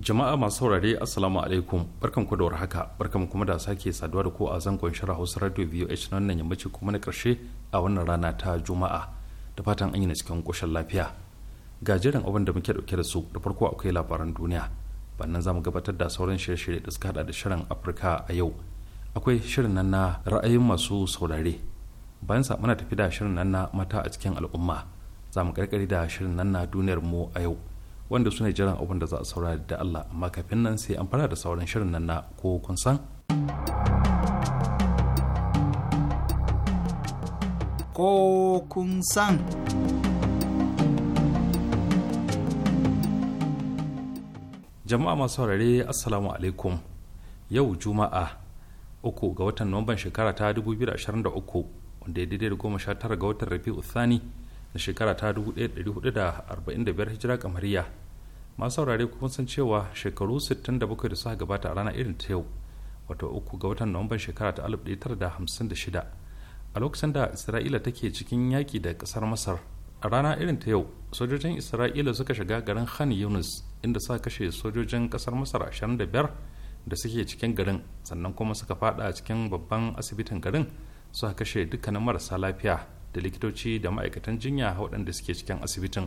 jama'a masu saurare assalamu alaikum barkan ku da warhaka barkan kuma da sake saduwa da ku a zangon shirin hausa radio voh nan yammaci kuma na karshe a wannan rana ta juma'a da fatan an yi na cikin koshin lafiya ga jiran abin da muke dauke da su da farko akwai labaran duniya bannan za mu gabatar da sauran shirye-shirye da suka hada da shirin afirka a yau akwai shirin nan na ra'ayin masu saurare bayan sa muna tafi da shirin nan na mata a cikin al'umma za mu karkari da shirin nan na duniyar mu a yau wanda su ne jiran abin da za a saurari da Allah amma kafin nan sai an fara da sauran shirin nan na ko kun san. Ko kun san. Jama'a masu saurare Assalamu alaikum yau Juma'a uku ga watan Nuwamban shekara ta 2023 wanda ya daidai da goma sha tara ga watan Rabi'u Thani na shekara ta 1445 hijira kamariya masu saurare kuma san cewa shekaru 67 da suka gabata a rana irin ta yau wato uku ga watan nuwamban shekara ta 1956 a lokacin da isra'ila take cikin yaƙi da ƙasar masar a rana irin ta yau sojojin isra'ila suka shiga garin khan yunus inda suka kashe sojojin ƙasar masar 25 da suke cikin garin sannan kuma suka fada cikin babban asibitin garin suka kashe dukkanin marasa lafiya da likitoci da ma'aikatan jinya waɗanda suke cikin asibitin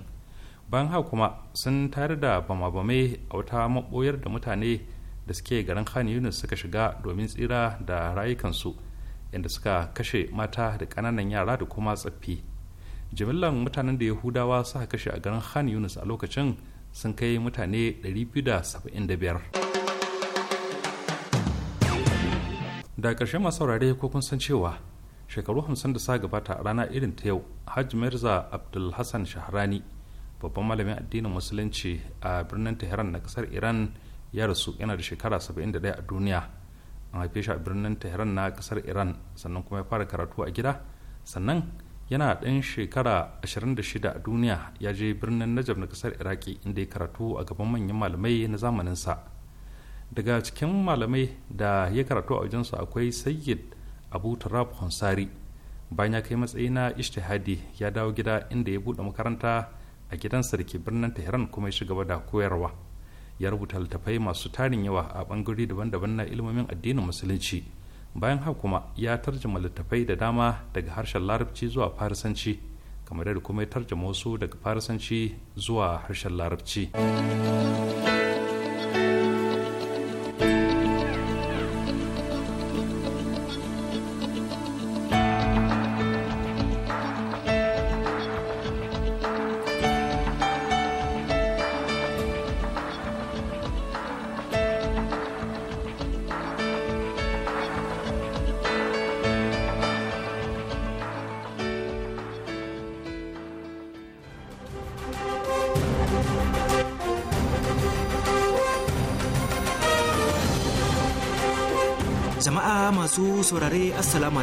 bayan haka kuma sun tayar da bama-bamai a wata maɓoyar da mutane da suke garin khan yunus suka shiga domin tsira da rayukansu inda suka kashe mata da ƙananan yara da kuma tsaffi jimillan mutanen da yahudawa suka kashe a garin khan yunus a lokacin sun kai mutane 275 da ƙarshen masu saurare ko kun san cewa shekaru hamsin da sa gabata a rana irin ta yau Hajji mirza abdul hassan shahrani babban malamin addinin musulunci a birnin tehran na kasar iran ya rasu yana da shekara 71 a duniya an haife shi a birnin tehran na kasar iran sannan kuma ya fara karatu a gida sannan yana ɗan shekara 26 a duniya ya je birnin najab na kasar iraki inda ya karatu a gaban manyan malamai na zamaninsa daga cikin malamai da ya karatu a wajensu akwai sayyid abu turab hansari bayan ya kai matsayi na ishtihadi ya dawo gida inda ya buɗe makaranta a gidansa da ke birnin tehran kuma ya shiga da koyarwa ya rubuta littattafai masu tarin yawa a bangare daban-daban na ilimomin addinin musulunci bayan haka kuma ya tarjama littattafai da dama daga harshen larabci zuwa farisanci kamar yadda kuma ya tarjama wasu daga farisanci zuwa harshen larabci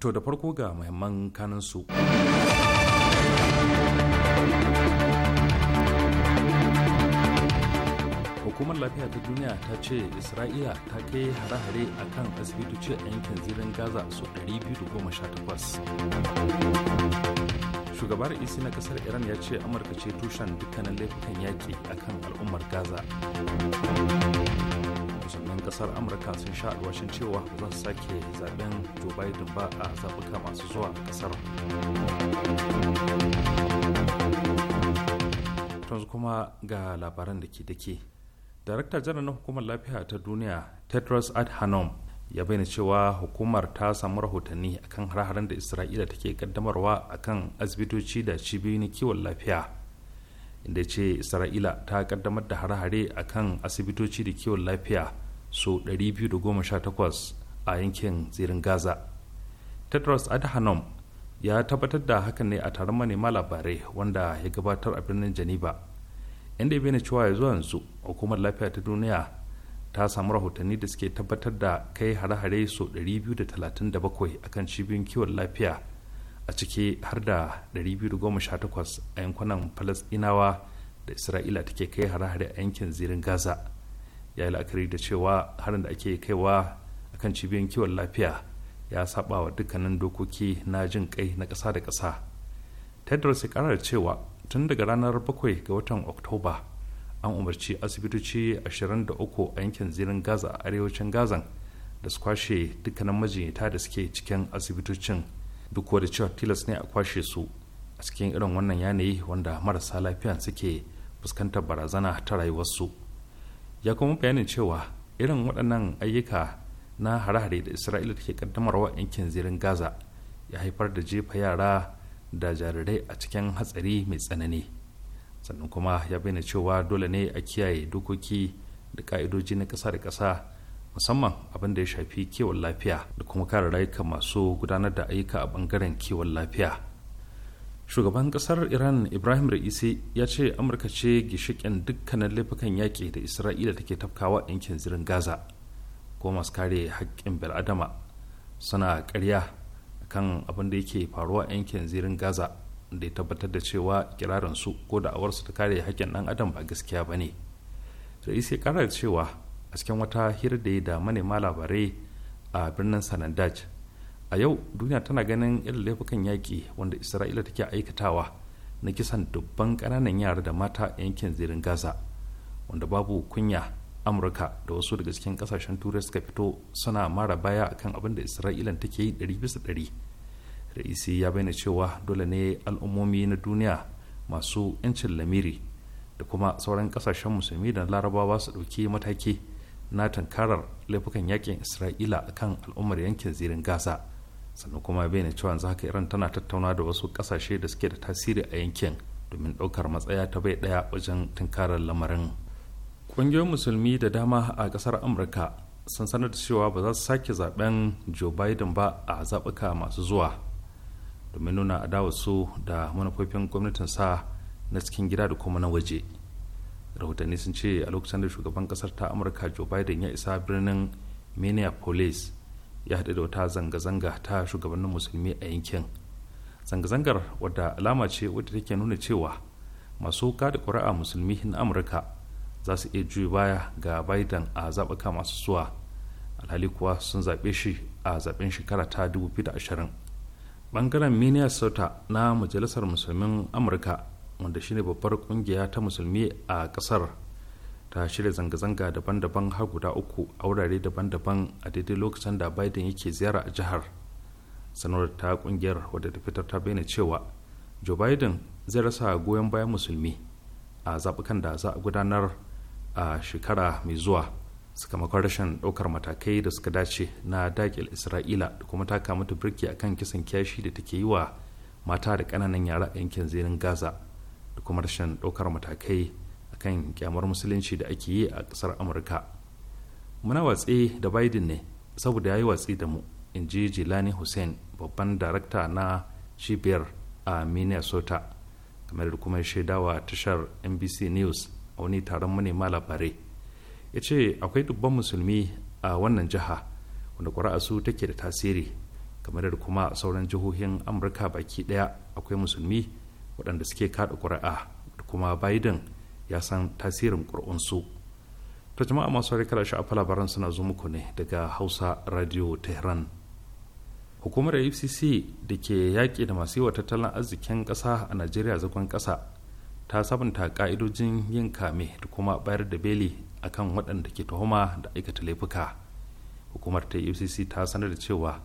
To da farko ga muhimman kanin su. hukumar lafiya ta duniya ta ce isra'ila ta kai hare-hare a kan asibitoci a yankin zirin gaza su 218 shugabar isi na kasar iran ya ce amurka ce tushen dukkanin laifukan yaƙi kan al'ummar gaza musulman kasar amurka sun sha alwashin cewa za su sake zaben joe biden ba a zaɓuka masu zuwa kasar tunzu kuma ga labaran da ke dake darakta janar na hukumar lafiya ta duniya tedros adhanom ya bayyana cewa hukumar ta samu rahotanni akan har-haren da isra'ila take kaddamarwa akan asibitoci da cibiyoyin kiwon lafiya inda ce isra'ila ta kaddamar da har-hare akan asibitoci da kiwon lafiya so 218 a yankin tsirin gaza tedros adhanom ya tabbatar da hakan ne a taron manema labarai wanda ya gabatar a birnin geneva inda ya bayyana cewa ya zuwa yanzu hukumar lafiya ta duniya ta samu rahotanni da suke tabbatar da kai hare-hare so 237 akan cibiyoyin kiwon lafiya a ciki har da 218 a yankunan falasdinawa da isra'ila take kai hare-hare a yankin zirin gaza ya yi la'akari da cewa harin da ake kaiwa akan cibiyoyin kiwon lafiya ya saba wa dukkanin dokoki na jin kai na ƙasa da ƙasa tedros ya ƙara cewa tun daga ranar 7 ga watan oktoba an umarci asibitoci 23 a yankin zirin gaza a arewacin gazan da su kwashe dukkanin majinyata da suke cikin asibitocin duk da cewa tilas ne a kwashe su a cikin irin wannan yanayi wanda marasa lafiyan suke fuskantar barazana ta rayuwarsu ya kuma bayanin cewa irin waɗannan ayyuka na hare-hare da isra'ila take kaddamarwa yankin zirin gaza ya haifar da jefa yara da jarirai a cikin hatsari mai tsanani sannan kuma ya bayyana cewa dole ne a kiyaye dokoki da ka'idoji na ƙasa da ƙasa musamman abin da ya shafi kiwon lafiya da kuma kare rayuka masu gudanar da ayyuka a bangaren kiwon lafiya shugaban kasar iran ibrahim ra'isi ya ce amurka ce gishikin dukkanin laifukan yaƙi da isra'ila take tafkawa yankin zirin gaza ko masu kare haƙƙin bil'adama suna karya kan abin da yake faruwa yankin zirin gaza da ya tabbatar da cewa kirarin su ko da awarsu ta kare hakkin ɗan adam ba gaskiya ba ne rais ya kara da cewa a cikin wata hira da ya da manema labarai a birnin sanandaj a yau duniya tana ganin irin laifukan yaƙi wanda isra'ila take aikatawa na kisan dubban ƙananan yara da mata a yankin zirin gaza wanda babu kunya amurka da wasu daga cikin ƙasashen turai suka fito suna mara baya akan abin da isra'ila take yi ɗari bisa ɗari raisi ya bayyana cewa dole ne al'ummomi na duniya masu 'yancin lamiri da kuma sauran kasashen musulmi da larabawa su ɗauki mataki na tankarar laifukan yakin isra'ila a kan al'ummar yankin zirin gaza sannan kuma bayyana cewa yanzu haka iran tana tattauna da wasu kasashe da suke da tasiri a yankin domin ɗaukar matsaya ta bai ɗaya wajen tunkarar lamarin ƙungiyoyin musulmi da dama a ƙasar amurka sun sanar da cewa ba za su sake zaben joe biden ba a zaɓuka masu zuwa domin nuna adawar su da manufofin gwamnatin sa na cikin gida da kuma na waje rahotanni sun ce a lokacin da shugaban kasar ta amurka joe biden ya isa birnin minneapolis ya haɗu da wata zanga-zanga ta shugabannin musulmi a yankin zanga-zangar wadda alama ce wadda take nuna cewa masu kada ƙuri'a musulmi na amurka za su iya juyi baya ga biden a zaɓuka masu zuwa alhali kuwa sun zaɓe shi a zaɓen shekara ta 2020 bangaren minnesota na majalisar musulmin amurka wanda shine babbar kungiya ta musulmi a kasar ta shirya zanga-zanga daban-daban har guda uku a wurare daban-daban a daidai lokacin da biden yake ziyara a jihar sanarwar ta kungiyar wadda ta fitar ta bayyana cewa joe biden zai rasa goyon bayan musulmi a zaɓukan da za a gudanar a shekara mai zuwa sakamakon rashin ɗaukar matakai da suka dace na dakil isra'ila da kuma taka mata birki akan kisan kyashi da take yi wa mata da ƙananan yara a yankin zirin gaza da kuma rashin ɗaukar matakai a kan kyamar musulunci da ake yi a ƙasar amurka muna watsi da biden ne saboda ya yi watsi da mu in ji jilani hussein babban darakta na cibiyar a minnesota kamar da kuma shaidawa tashar nbc news a wani taron manema labarai ya ce akwai dubban musulmi a wannan jiha wanda ƙuri'a su take da tasiri kamar da kuma sauran jihohin amurka baki ɗaya akwai musulmi waɗanda suke kaɗa ƙuri'a da kuma biden ya san tasirin ƙura'unsu ta jama'a masu harkar kada sha'afa labaran suna zo muku ne daga hausa radio tehran hukumar fcc da ke yaƙi da masu yiwa tattalin arzikin ƙasa a najeriya zagon ƙasa ta sabunta ƙa'idojin yin kame da kuma bayar da beli akan waɗanda ke tuhuma da aikata laifuka hukumar ta efcc ta sanar da cewa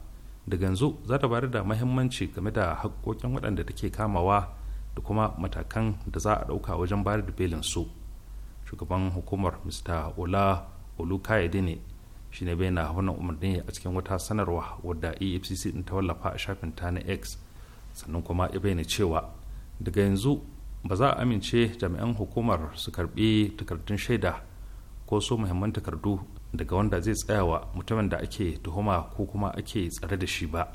daga yanzu za ta bayar da mahimmanci game da haƙƙoƙin waɗanda take kamawa da kuma matakan da za a ɗauka wajen bayar da belin su shugaban hukumar mr ola olukayede ne shi ne bayyana wannan umarni a cikin wata sanarwa wadda efcc din ta wallafa a shafin ta na x sannan kuma ya bayyana cewa daga yanzu ba za a amince jami'an hukumar su karbi takardun shaida ko so muhimman takardu daga wanda zai tsayawa mutumin da ake tuhuma ko kuma ake tsare da shi ba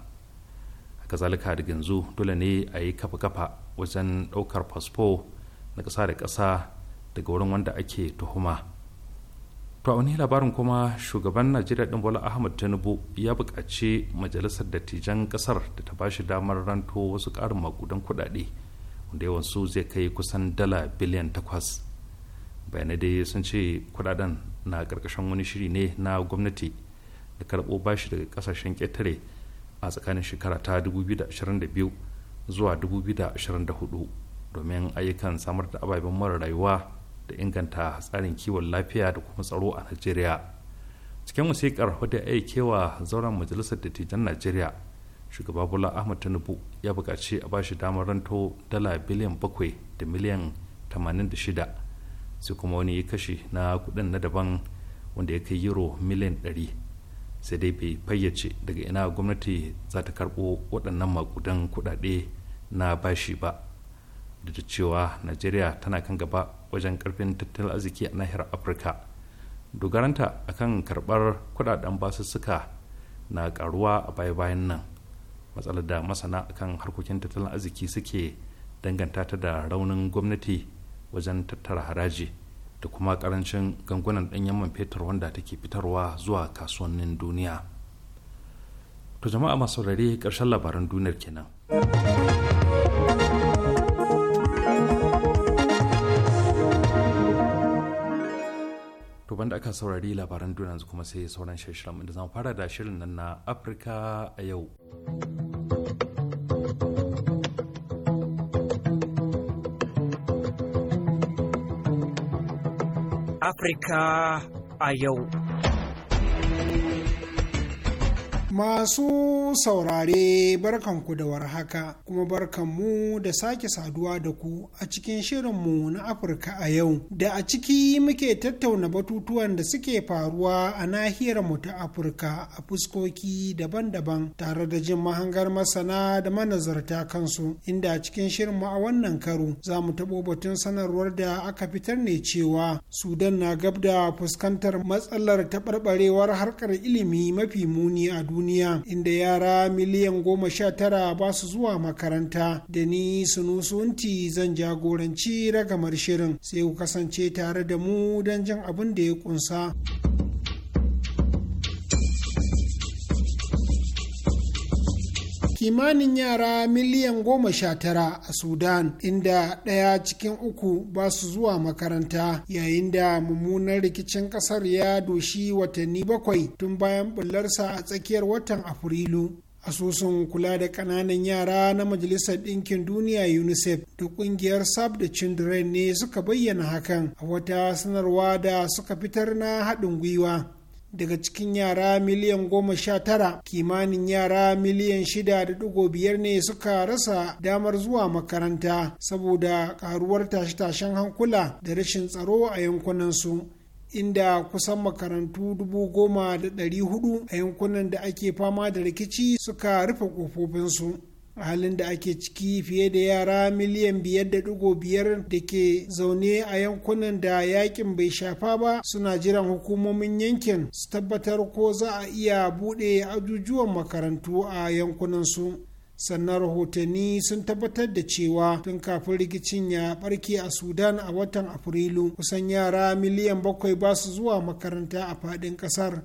haka zalika da yanzu dole ne a yi kafa-kafa wajen ɗaukar fasfo na ƙasa da ƙasa daga wurin wanda ake tuhuma to a wani labarin kuma shugaban najeriya ɗin bola ahmad tinubu ya buƙaci majalisar dattijan ƙasar da ta bashi damar ranto wasu ƙarin makudan kuɗaɗe wanda su zai kai kusan dala biliyan takwas bayanai dai sun ce kudaden na karkashin wani shiri ne na gwamnati da karɓo bashi daga kasashen ƙetare a tsakanin shekara ta 2022 zuwa 2024 domin ayyukan samar da ababen mara rayuwa da inganta tsarin kiwon lafiya da kuma tsaro a najeriya cikin wasikar wadda ya kewa zauren majalisar dattijan najeriya shugaba bola ahmad tinubu ya buƙaci a bashi damar ranto dala biliyan bakwai da miliyan 86 sai kuma wani kashi na kuɗin na daban wanda ya kai euro miliyan 100 sai dai bai fayyace daga ina gwamnati za ta karɓo waɗannan makudan kuɗaɗe na bashi ba da ta cewa najeriya tana kan gaba wajen karfin tattalin arziki a nahiyar afirka dogaranta akan karɓar kuɗaɗen basussuka na karuwa a baya-bayan nan matsalar da masana kan harkokin tattalin arziki suke danganta ta da raunin gwamnati wajen tattara haraji da kuma karancin gangunan ɗanyen man fetur wanda take fitarwa zuwa kasuwannin duniya to jama'a masu saurare ƙarshen labaran duniyar kenan to banda aka saurari labaran duniya yanzu kuma sai sauran shirin da zan fara da shirin nan na afirka a yau Africa, a Masu saurare barkanku da warhaka kuma barkanmu da sake saduwa da ku a cikin shirinmu na Afirka a yau da a ciki muke tattauna batutuwan da suke faruwa a nahiyar mu ta Afirka a fuskoki daban-daban tare da jin mahangar masana da manazarta kansu inda a cikin shirinmu a wannan karo za mu taɓo batun sanarwar da aka fitar ne cewa Sudan na gab da fuskantar matsalar taɓarɓarewar harkar ilimi mafi muni a duniya. duniya inda yara miliyan goma sha tara ba su zuwa makaranta da ni sunusunti zan jagoranci ragamar shirin sai ku kasance tare da mu don jin abin da ya kunsa. kimanin yara miliyan goma sha tara a sudan inda ɗaya cikin uku ba su zuwa makaranta yayin da mummunan rikicin ƙasar ya doshi watanni bakwai tun bayan bullarsa a tsakiyar watan afrilu asusun kula da ƙananan yara na majalisar ɗinkin duniya unicef da ƙungiyar sab da children ne suka bayyana hakan a wata sanarwa da suka fitar na haɗin gwiwa daga cikin yara miliyan goma sha tara kimanin yara miliyan shida da dugo biyar ne suka rasa damar zuwa makaranta saboda karuwar tashe-tashen hankula da rashin tsaro a yankunansu inda kusan makarantu dubu goma da ɗari hudu a yankunan da ake fama da rikici suka rufe ƙofofinsu a halin da ake ciki fiye da yara miliyan biyar da biyar da ke zaune a yankunan da yakin bai shafa ba suna jiran hukumomin yankin su tabbatar ko za a iya buɗe ajujuwan makarantu a yankunan su sannan rahotanni sun tabbatar da cewa tun kafin rikicin ya barke a sudan a watan afrilu kusan yara miliyan bakwai ba su zuwa makaranta a faɗin ƙasar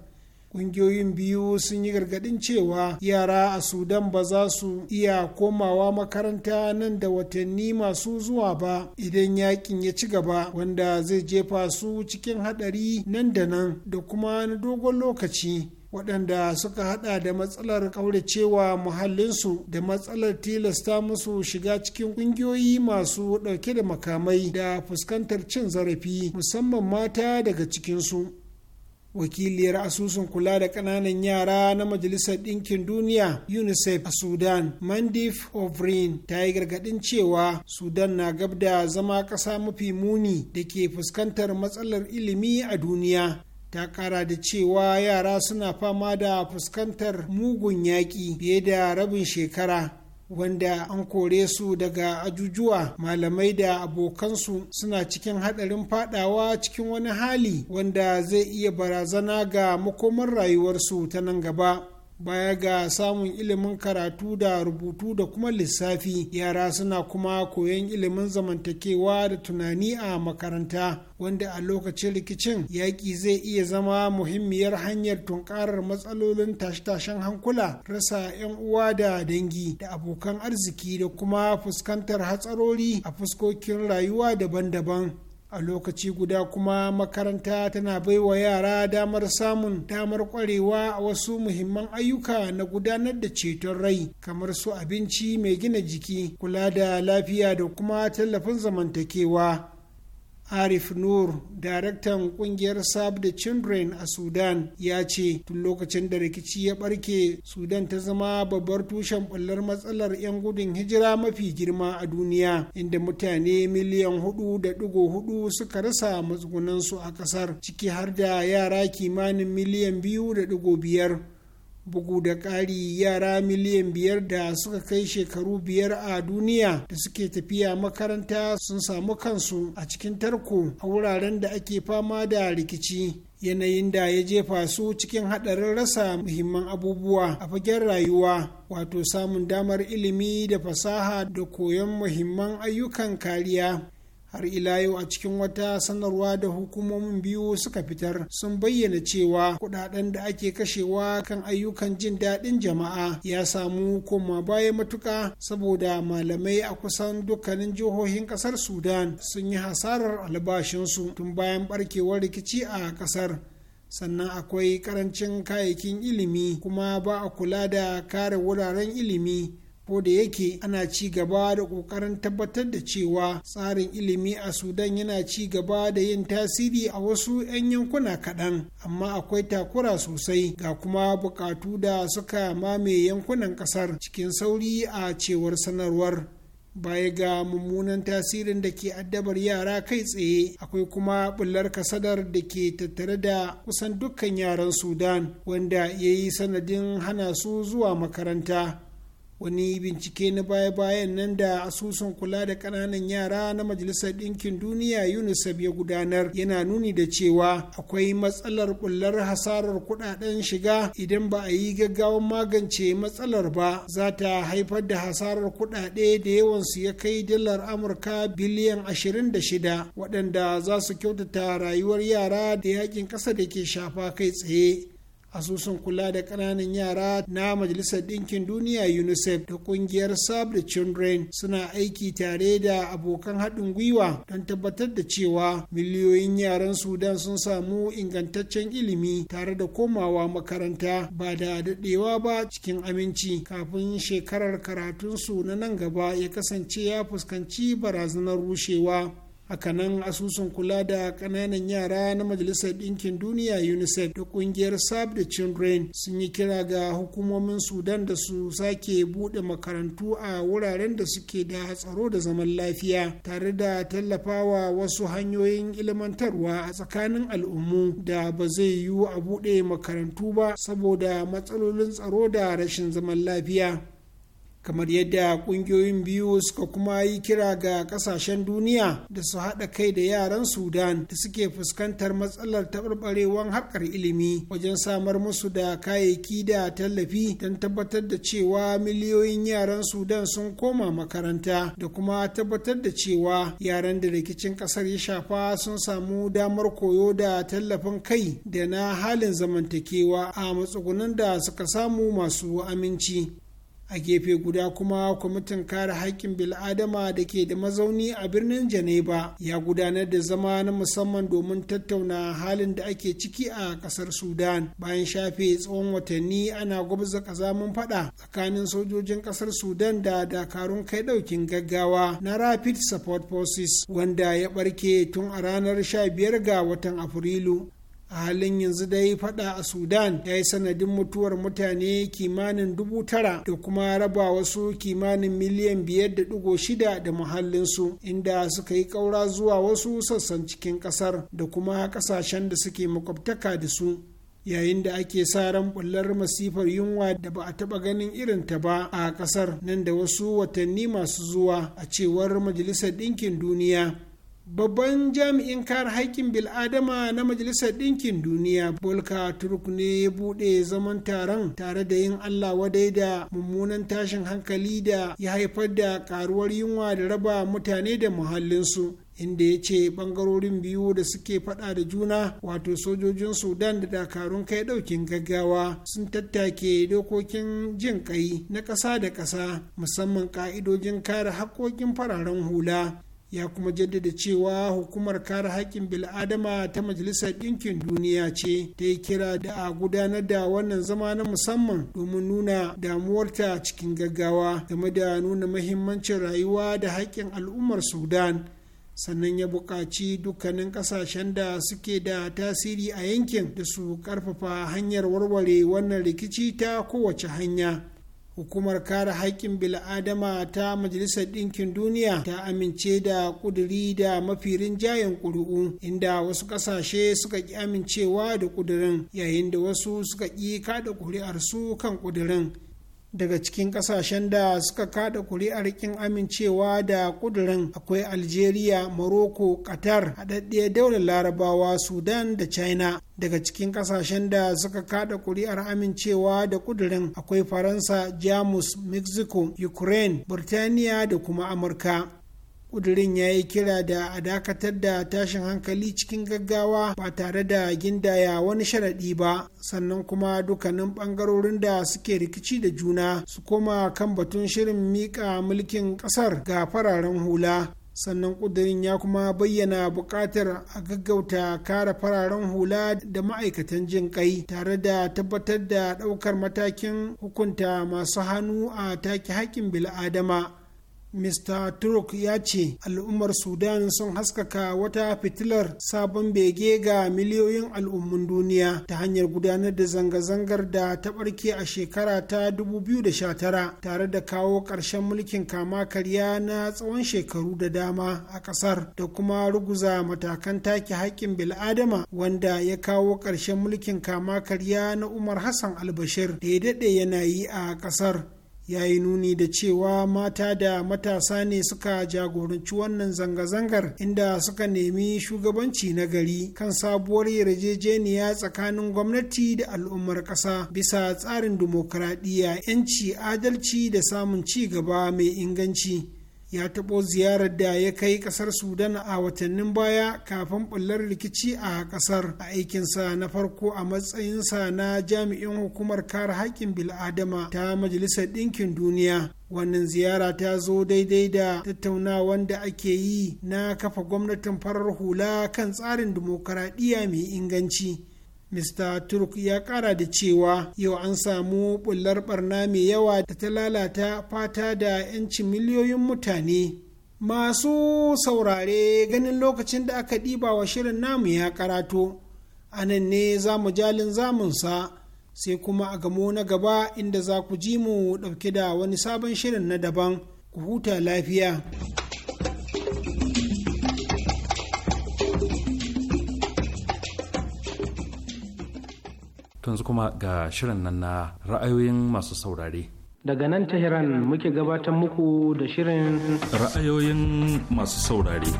ƙungiyoyin biyu sun yi gargaɗin cewa yara a sudan ba za su iya komawa makaranta nan da watanni masu zuwa ba idan yakin ya ci gaba wanda zai jefa su cikin haɗari nan da nan da kuma na dogon lokaci waɗanda suka hada da matsalar ƙauracewa muhallinsu da matsalar tilasta musu shiga cikin ƙungiyoyi masu ɗauke da makamai da fuskantar cin zarafi musamman mata daga cikinsu. wakiliyar asusun kula da kananan yara na majalisar ɗinkin duniya unicef a sudan mandif ovrin ta yi gargaɗin cewa sudan na gab da zama ƙasa mafi muni da ke fuskantar matsalar ilimi a duniya ta ƙara da cewa yara suna fama da fuskantar mugun yaƙi fiye da rabin shekara wanda an kore su daga ajujuwa malamai da abokansu suna cikin haɗarin fadawa cikin wani hali wanda zai iya barazana ga makomar rayuwarsu ta nan gaba baya ga samun ilimin karatu da rubutu da kuma lissafi yara suna kuma koyon ilimin zamantakewa da tunani a makaranta wanda a lokacin rikicin yaƙi zai iya zama muhimmiyar hanyar tunkarar matsalolin tashe-tashen hankula rasa 'yan uwa da dangi da abokan arziki da kuma fuskantar hatsarori a fuskokin rayuwa daban-daban a lokaci guda kuma makaranta tana baiwa yara damar samun damar kwarewa a wasu muhimman ayyuka na gudanar da ceton rai kamar su abinci mai gina jiki kula da lafiya da kuma tallafin zamantakewa Arif Nur, daraktan kungiyar Save the Children a Sudan, ya ce tun lokacin da rikici ya barke Sudan ta zama babbar tushen bullar matsalar 'yan gudun hijira mafi girma a duniya, inda mutane miliyan hudu da digo hudu suka rasa matsugunansu a kasar, ciki har da yara kimanin miliyan biyu da biyar. bugu da ƙari yara miliyan biyar da suka kai shekaru biyar a duniya da suke tafiya makaranta sun samu kansu a cikin tarko a wuraren da ake fama da rikici yanayin da ya jefa su cikin haɗarin rasa muhimman abubuwa a fagen rayuwa wato samun damar ilimi da fasaha da koyon muhimman ayyukan kariya har ila yau a cikin wata sanarwa da hukumomin biyu suka fitar sun bayyana cewa kudaden da ake kashewa kan ayyukan jin daɗin jama'a ya samu koma baya matuka saboda malamai a kusan dukkanin jihohin ƙasar sudan sun yi hasarar albashinsu tun bayan barkewar rikici a ƙasar sannan akwai ƙarancin kayayyakin ilimi kuma ba a kula da kare wuraren ilimi ko da yake ana ci gaba da ƙoƙarin tabbatar da cewa tsarin ilimi a sudan yana ci gaba da yin tasiri a wasu 'yan yankuna kaɗan amma akwai takura sosai ga kuma buƙatu da suka mame yankunan ƙasar cikin sauri a cewar sanarwar baya ga mummunan tasirin da ke addabar yara kai tsaye akwai kuma bullar kasadar da ke tattare da kusan dukkan yaran sudan wanda ya yi sanadin hana su zuwa makaranta wani bincike na baya-bayan nan da asusun kula da ƙananan yara na majalisar ɗinkin duniya unicef ya gudanar yana nuni da cewa akwai matsalar bullar hasarar kudaden shiga idan ba a yi gaggawan magance matsalar ba za ta haifar da hasarar kudade da yawansu ya kai dalar amurka biliyan 26 waɗanda za su kyautata rayuwar yara da yakin ƙasa da ke shafa kai tsaye asusun kula da ƙananan yara na majalisar ɗinkin duniya unicef da ƙungiyar save the children suna aiki tare da abokan haɗin gwiwa don tabbatar da cewa miliyoyin yaran sudan sun samu ingantaccen ilimi tare da komawa makaranta ba da daɗewa ba cikin aminci kafin shekarar karatunsu na nan gaba ya kasance ya fuskanci barazanar rushewa hakanan asusun kula da kananan yara na majalisar ɗinkin duniya unicef da ƙungiyar save the children sun yi kira ga hukumomin sudan da su sake buɗe makarantu a wuraren da suke da tsaro da zaman lafiya tare da tallafawa wasu hanyoyin ilmantarwa a tsakanin al'ummu da ba zai yiwu a buɗe makarantu ba saboda matsalolin tsaro da rashin zaman lafiya kamar yadda kungiyoyin biyu suka kuma yi kira ga kasashen duniya da su haɗa kai da yaran sudan da suke fuskantar matsalar taɓarɓarewar harkar ilimi wajen samar musu da kayayyaki da tallafi don tabbatar da cewa miliyoyin yaran sudan sun koma makaranta da kuma tabbatar da cewa yaran da rikicin ƙasar ya shafa sun samu damar koyo da tallafin kai da na halin zamantakewa a matsugunan da suka samu masu aminci a gefe guda kuma kwamitin kare haƙƙin bil'adama da ke da mazauni a birnin janeba ya gudanar da zama na musamman domin tattauna halin da ake ciki a ƙasar sudan bayan shafe tsawon watanni ana gwabza ƙazamin faɗa tsakanin sojojin ƙasar sudan da dakarun kai ɗaukin gaggawa na rapid support forces wanda ya ɓarke tun a ranar 15 ga watan afrilu a halin yanzu da dai fada a sudan ya yi sanadin mutuwar mutane kimanin dubu tara da kuma raba wasu kimanin miliyan biyar da digo shida da muhallinsu inda suka yi kaura zuwa wasu sassan cikin kasar da kuma kasashen da suke makwabtaka da su yayin da ake sa ran bullar masifar yunwa da ba a taɓa ganin irin ta ba a kasar nan da wasu watanni masu zuwa a cewar majalisar ɗinkin duniya babban jami'in kare haƙƙin bil'adama na majalisar ɗinkin duniya bolka turk ne ya buɗe zaman taron tare da yin allah wadai da mummunan tashin hankali da ya haifar da karuwar yunwa da raba mutane da muhallinsu inda ya ce ɓangarorin biyu da suke faɗa da juna wato sojojin sudan da dakarun kai ɗaukin gaggawa sun tattake dokokin jin ƙai na ƙasa da ƙasa musamman ƙa'idojin kare haƙƙoƙin fararen hula ya kuma jaddada cewa hukumar kare haƙƙin bil'adama ta majalisar ɗinkin duniya ce ta yi kira da a gudanar da wannan zama na musamman domin nuna damuwarta cikin gaggawa game da nuna mahimmancin rayuwa da haƙƙin al'ummar sudan sannan ya buƙaci dukkanin ƙasashen da suke da tasiri a yankin da su ƙarfafa hanyar warware wannan rikici ta kowace hanya hukumar kare haƙƙin bil'adama ta majalisar ɗinkin duniya ta amince da ƙuduri da mafi rinjayen ƙuri'u inda wasu ƙasashe suka ƙi amincewa da ƙudurin yayin da wasu suka ƙi kaɗa ƙuri'arsu kan ƙudurin daga cikin kasashen da suka kada kuri'ar kin amincewa da kudurin akwai algeria morocco qatar haɗaɗɗiyar daular larabawa sudan da china daga cikin kasashen da suka kada kuri'ar amincewa da kudurin akwai faransa jamus mexico ukraine burtaniya da kuma amurka ƙudurin ya yi kira da a dakatar da tashin hankali cikin gaggawa ba tare da gindaya wani sharaɗi ba sannan kuma dukkanin ɓangarorin da suke rikici da juna su koma kan batun shirin miƙa mulkin ƙasar ga fararen hula sannan ƙudurin ya kuma bayyana buƙatar a gaggauta kare fararen hula da ma'aikatan jin ƙai tare da tabbatar da ɗaukar matakin hukunta masu hannu a take haƙƙin bil'adama Mr. Turok ya ce al'ummar Sudan sun haskaka wata fitilar sabon bege ga miliyoyin al'ummun duniya ta hanyar gudanar da zanga-zangar da ta ɓarke a shekara ta 2019 tare da kawo ƙarshen mulkin kama karya na tsawon shekaru da dama a ƙasar da kuma ruguza matakan take haƙƙin bil'adama wanda ya kawo ƙarshen mulkin kama karya na Umar Hassan Albashir da ya daɗe yana yi a ƙasar. ya yi nuni da cewa mata da matasa ne suka jagoranci wannan zanga-zangar inda suka nemi shugabanci na gari kan sabuwar yarjejeniya tsakanin gwamnati da al'ummar ƙasa bisa tsarin dimokuraɗiyya 'yanci adalci da samun ci gaba mai inganci ya taɓo ziyarar da ya kai ƙasar sudan a watannin baya kafin ɓullar rikici a ƙasar a aikinsa na farko a matsayinsa na jami'in hukumar kare haƙƙin bil'adama ta majalisar ɗinkin duniya wannan ziyara ta zo daidai da tattaunawan da ake yi na kafa gwamnatin farar hula kan tsarin dimokuraɗiyya mai inganci Mr. Turk ya kara da cewa yau an samu bullar barna mai yawa da ta lalata fata da 'yancin miliyoyin mutane. Masu saurare ganin lokacin da aka ɗiba wa shirin namu ya karato, a nan ne za mu jalin zamunsa sai kuma a gamo na gaba inda za ku ji mu ɗauke da wani sabon shirin na daban, ku huta lafiya. yanzu kuma ga shirin nan na ra'ayoyin masu saurare. Daga nan Tehran muke gabatar muku da shirin ra'ayoyin masu saurare.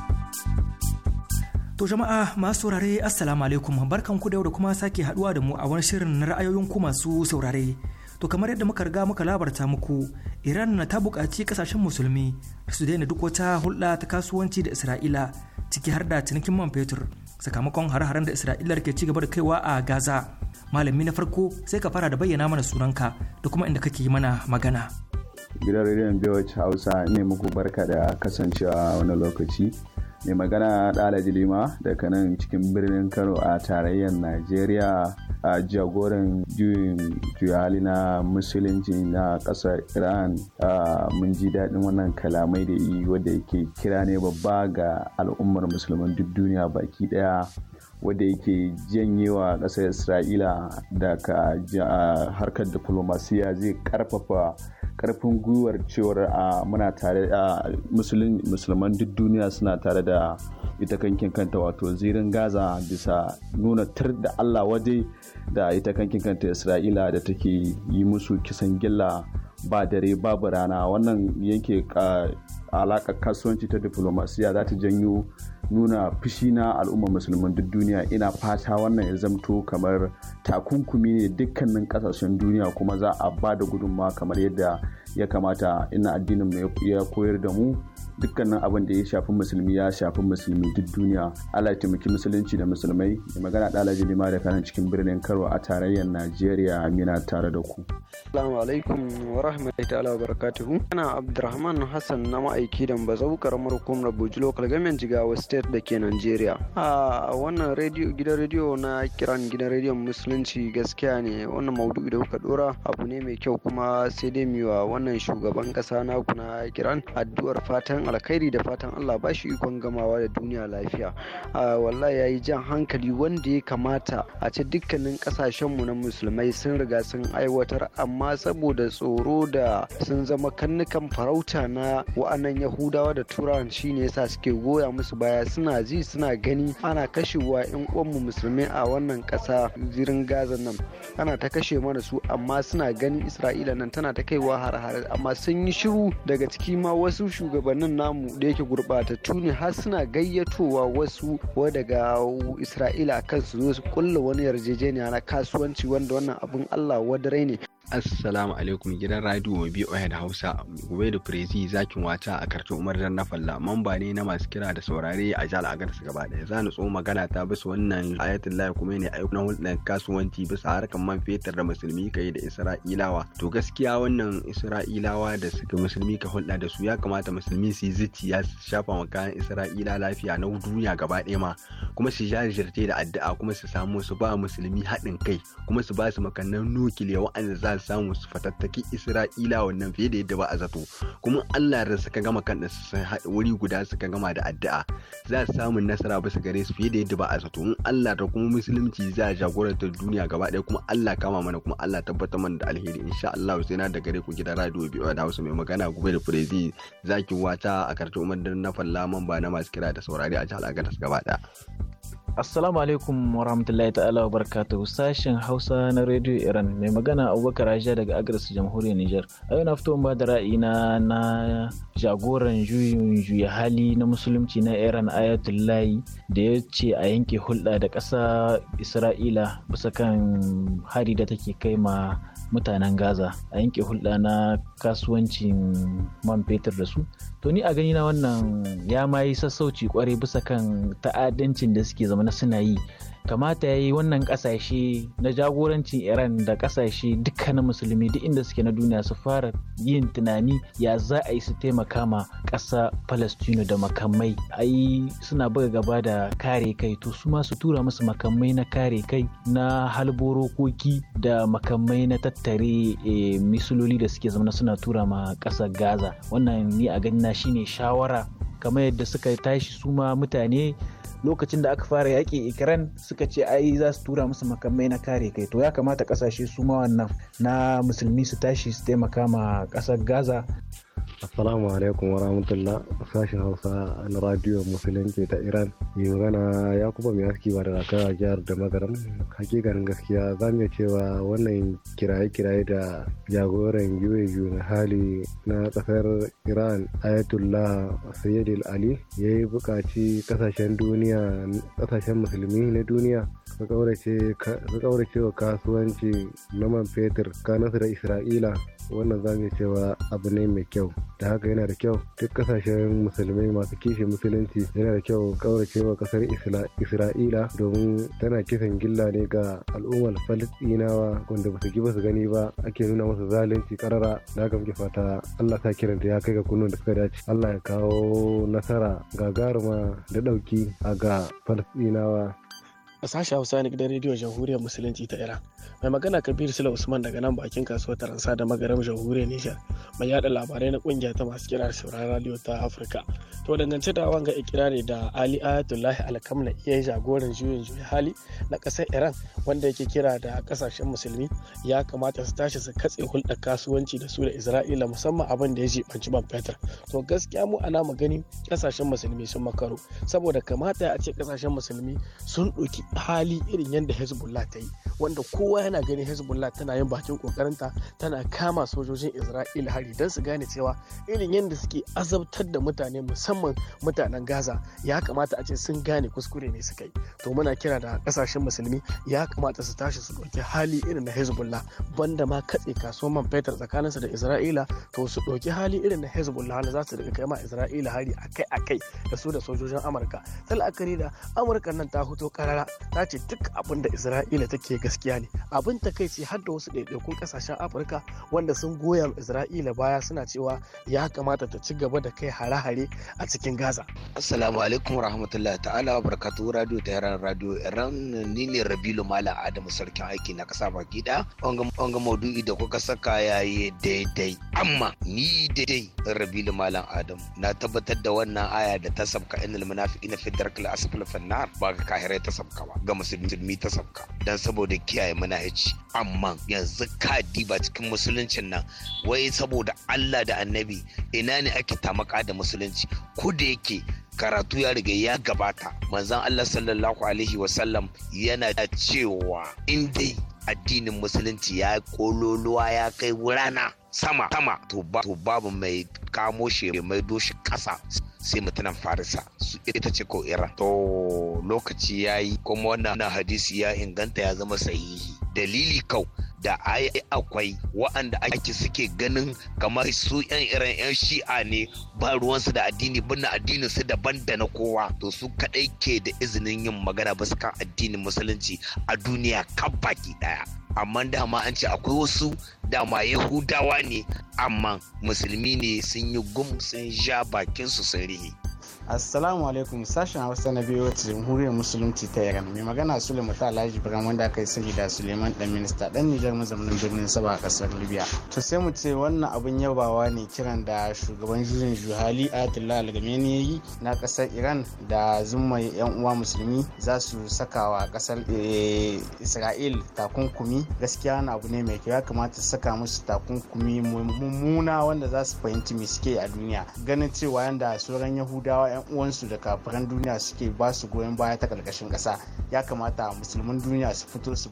To jama'a masu saurare assalamu alaikum barkan ku da yau da kuma sake haduwa da mu a wani shirin na ra'ayoyin ku masu saurare. To kamar yadda muka riga muka labarta muku Iran na ta buƙaci kasashen musulmi su daina duk wata hulɗa ta kasuwanci da Isra'ila ciki har da cinikin man fetur. sakamakon hare-haren da isra'ilar ke ci gaba da kaiwa a gaza malami na farko sai ka fara da bayyana mana sunanka da kuma inda kake yi mana magana gidan rediyon bewach hausa ne muku barka da kasancewa wani lokaci mai magana dala jilima daga nan cikin birnin kano a tarayyar najeriya a jagoran juyin juyali na musulunci na ƙasar iran a mun ji daɗin wannan kalamai da yi wadda yake kira ne babba ga al'ummar musulman duk duniya baki ɗaya wanda yake janyewa ƙasar isra'ila daga harkar diplomasiya zai karfafa karfin gwiwar cewar a muna tare a musulman duk duniya suna tare da ita kankin kanta wato zirin gaza bisa nuna tar da allah waje da ita kankin kanta isra'ila da take yi musu kisan gilla ba dare babu rana wannan yanke alaƙar kasuwanci ta diplomasiya za ta janyo nuna fushi na al'ummar musulman duk duniya ina fata wannan ya zamto kamar takunkumi ne dukkanin kasashen duniya kuma za a ba da gudunmawa kamar yadda ya kamata ina addinin ya koyar da mu dukkanin abin da ya shafi musulmi ya shafi musulmi duk duniya allah ya taimaki musulunci da musulmai da magana ɗalaji lima da kanan cikin birnin karo a tarayyar najeriya amina tare da ku assalamu alaikum wa rahmatullahi ta'ala wa barakatuhu ana abdurrahman hassan na ma'aiki da bazau karamar hukumar buji local government jigawa state da ke najeriya a wannan rediyo gidan rediyo na kiran gidan rediyon musulunci gaskiya ne wannan maudu'i da kuka dora abu ne mai kyau kuma sai dai wa wannan shugaban kasa na kuna kiran addu'ar fatan fatan alkhairi da fatan Allah ba shi ikon gamawa da duniya lafiya wallahi yi jan hankali wanda ya kamata a ce dukkanin kasashenmu na musulmai sun riga sun aiwatar amma saboda tsoro da sun zama kannukan farauta na wa'annan yahudawa da turawan shine yasa suke goya musu baya suna ji suna gani ana kashewa yan uwanmu musulmai a wannan kasa zirin gazan nan ana ta kashe mana su amma suna gani isra'ila nan tana ta kaiwa har-har amma sun yi shiru daga ciki ma wasu shugabannin nan namu da yake gurɓatattu ne har suna gayyatowa wasu wa daga isra'ila kan su zo su kulla wani yarjejeniya na kasuwanci wanda wannan abin allah wadarai ne Assalamu alaikum gidan radio BOA da Hausa gobe da Prezi zakin wata a karto Umar dan na falla mamba ne na masu kira da saurare a jihar Agadez gaba daya zan tso magana ta bisa wannan lahi kuma ne ayyukan hulɗar kasuwanci bisa harkar man fetur da musulmi kai da Isra'ilawa to gaskiya wannan Isra'ilawa da suka musulmi ka hulɗa da su ya kamata musulmi su yi ya shafa ma kayan Isra'ila lafiya na duniya gaba ɗaya ma kuma su jajirce da addu'a kuma su samu su ba musulmi haɗin kai kuma su ba su makannan nukiliya wa'anda za samu su fatattaki isra'ila wannan fiye da yadda ba a zato kuma allah da suka gama kan da wuri guda suka gama da addu'a za su samu nasara bisa gare su fiye da yadda ba a zato in allah da kuma musulunci za a jagorantar duniya gaba ɗaya kuma allah kama mana kuma allah tabbatar mana da alheri insha allah sai na da gare ku gidan radio biyu da hausa mai magana gobe da firezi zaki wata a karshen umar na falla ba na masu kira da saurari a jihar agadas gaba ɗaya. Assalamu alaikum wa rahmatullahi ta'ala wa barakatuhu sashen Hausa na Radio Iran mai magana Abubakar Aja daga Agris Jamhuriyar Nijar. A yau na fito ba da ra'ayina na jagoran juyin juya hali na musulunci na Iran Ayatullahi da ya ce a yanke hulɗa da ƙasa Isra'ila bisa kan hari da take kai ma mutanen gaza a yanke hulɗa na kasuwancin man fetur da su to ni a gani na wannan ya ma yi sassauci kwarai bisa kan ta'addancin da suke zama na suna yi kamata ya yi wannan kasashe na jagorancin iran da kasashe duka na musulmi duk inda suke na duniya su fara yin tunani ya za a yi su taimaka ma ƙasa palestino da makamai ai suna buga gaba da kare kai to su ma su tura musu makamai na kare kai na halborokoki da makamai na tattare eh, misuloli da suke zama suna tura ma ƙasa gaza wannan ni a ganina shine shawara kamar yadda suka tashi su ma mutane lokacin da aka fara yaƙi ikiran suka ce ai za su tura musu makamai na kare kai to ya kamata ƙasashe su ma wannan na musulmi su tashi su taimaka ma ƙasar gaza Assalamu alaikum wa rahmatullah sashen Hausa na Radio Musulunci ta Iran. Mai magana ya kuma mai aski ba da raka jihar da magaram. Hakikanin gaskiya za mu cewa wannan kiraye-kiraye da jagoran yuwe na hali na kasar Iran Ayatollah Sayyid Ali ya yi bukaci ƙasashen musulmi na duniya ka kaurace wa kasuwanci na man fetur kanansu da isra'ila wannan za mu cewa abu ne mai kyau da haka yana da kyau duk kasashen musulmai masu kishin musulunci yana da kyau kaurace wa kasar isra'ila domin tana kisan gilla ne ga al'ummar falastinawa wanda basu su ji ba gani ba ake nuna masa zalunci karara da haka muke fata allah sa kiranta ya kai ga kunun da suka dace allah ya kawo nasara gagaruma da dauki a ga falastinawa a sashen hausa na gidan rediyon jamhuriyar musulunci ta iran mai magana kabir sila usman daga nan bakin kasuwar taransa da magaram jamhuriyar nijar mai yada labarai na kungiya ta masu kirar sauran radio ta afirka to dangance da wanga ikirari da ali ayatullahi alkamna iya jagoran juyin juyin hali na kasar iran wanda yake kira da kasashen musulmi ya kamata su tashi su katse hulɗar kasuwanci da su da isra'ila musamman abin da ya banci ban fetur to gaskiya mu ana magani kasashen musulmi sun makaro saboda kamata a ce kasashen musulmi sun ɗauki hali irin yadda hezbollah ta yi wanda kowa yana ganin hezbollah tana yin bakin ta tana kama sojojin isra'ila hari don su gane cewa irin yadda suke azabtar da mutane musamman mutanen gaza ya kamata a ce sun gane kuskure ne suka yi to muna kira da kasashen musulmi ya kamata su tashi su ɗauki hali irin na hezbollah banda ma katse kasuwar man fetur tsakaninsu da isra'ila to su ɗauki hali irin na hezbollah wanda za su daga kai ma isra'ila hari akai-akai da su da sojojin amurka ta la'akari da amurka nan ta hoto karara ta ce duk abinda isra'ila take ga gaskiya ne abin takaici har da wasu ɗaiɗaikun ƙasashen afirka wanda sun goya isra'ila baya suna cewa ya kamata ta ci gaba da kai hare-hare a cikin gaza assalamu alaikum rahmatullahi ta'ala wa barakatuhu radio ta yaran radio iran ni ne rabilu malam adamu sarkin aiki na ƙasa baki ɗaya wanga maudu'i da kuka saka yayi daidai amma ni daidai rabilu malam adamu na tabbatar da wannan aya da ta sabka ina munafiqina fi darkil asfal fannar ba ka kahirai ta sabka ba ga musulmi ta sabka dan saboda da kiyaye manahici amma yanzu ka diba cikin musuluncin nan wai saboda Allah da annabi ina ne ake tamaka da musulunci ko da yake karatu ya riga ya gabata manzon Allah sallallahu alaihi wasallam yana cewa in dai addinin musulunci ya kololuwa ya kai wurana. sama sama to babu mai kamo shi mai doshi ƙasa sai mutumin farisa su ita ce ko iran to lokaci ya yi kuma wannan hadisi ya inganta ya zama sahihi dalili kau da ai akwai wa'anda ake suke ganin kamar su 'yan iran 'yan shi'a ne ba ruwansu da addini binna addinin su daban da na kowa to su kadai ke da izinin yin magana ba su kan addinin musulunci a duniya kan baki daya amma dama an ce akwai wasu dama yahudawa ne amma musulmi ne sun yi gum sun ja bakinsu sun rihi. assalamu alaikum sashen hausa na biyu wata jamhuriyar musulunci ta iran mai magana sule mutu alhaji birnin wanda aka yi sani da suleiman dan minista dan nijar mazaunin birnin saba a kasar libya to sai mu ce wannan abin yabawa ne kiran da shugaban jirgin juhali ayatollah algameni ya yi na kasar iran da zumma yan uwa musulmi za su saka wa kasar eh, isra'il takunkumi gaskiya wani abu ne mai kyau ya kamata su saka musu takunkumi mummuna wanda za su fahimci me suke a duniya ganin cewa yanda sauran yahudawa 'yan uwansu da kafiran duniya suke ba su goyon baya ta karkashin ƙasa ya kamata musulmin duniya su fito su